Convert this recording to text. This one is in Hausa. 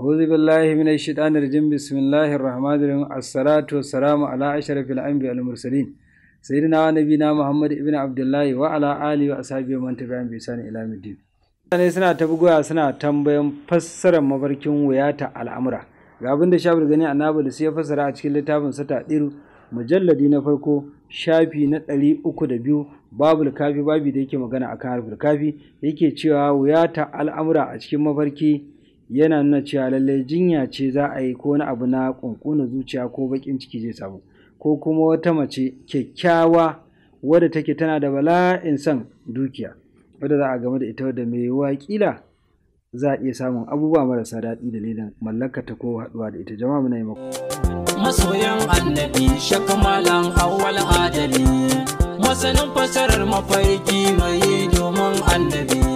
أعوذ بالله من الشيطان الرجيم بسم الله الرحمن الرحيم الصلاة والسلام على أشرف الأنبياء والمرسلين سيدنا ونبينا محمد ابن عبد الله وعلى آله وأصحابه من تبعهم بإحسان إلى يوم الدين mutane suna ta bugowa suna tambayan fassarar mafarkin wayata al'amura ga abin da shafin gani a nabu da sai ya fassara a cikin littafin sata ɗiru mujalladi na farko shafi na ɗari uku da biyu babul kafi babi da yake magana akan harfin kafi yake cewa wuyata al'amura a cikin mafarki yana nuna cewa lallai jinya ce za a yi ko wani abu na ƙunƙuna zuciya ko baƙin ciki zai samu ko kuma wata mace kyakkyawa wadda take tana da bala'in son dukiya wadda za a game da ita wadda mai yiwuwa za a iya samun abubuwa marasa daɗi dalilin mallakata ko haɗuwa da ita jama'a muna yi mako. masoyan annabi shakamalan awwal adali masanin fasarar mafarki mai domin annabi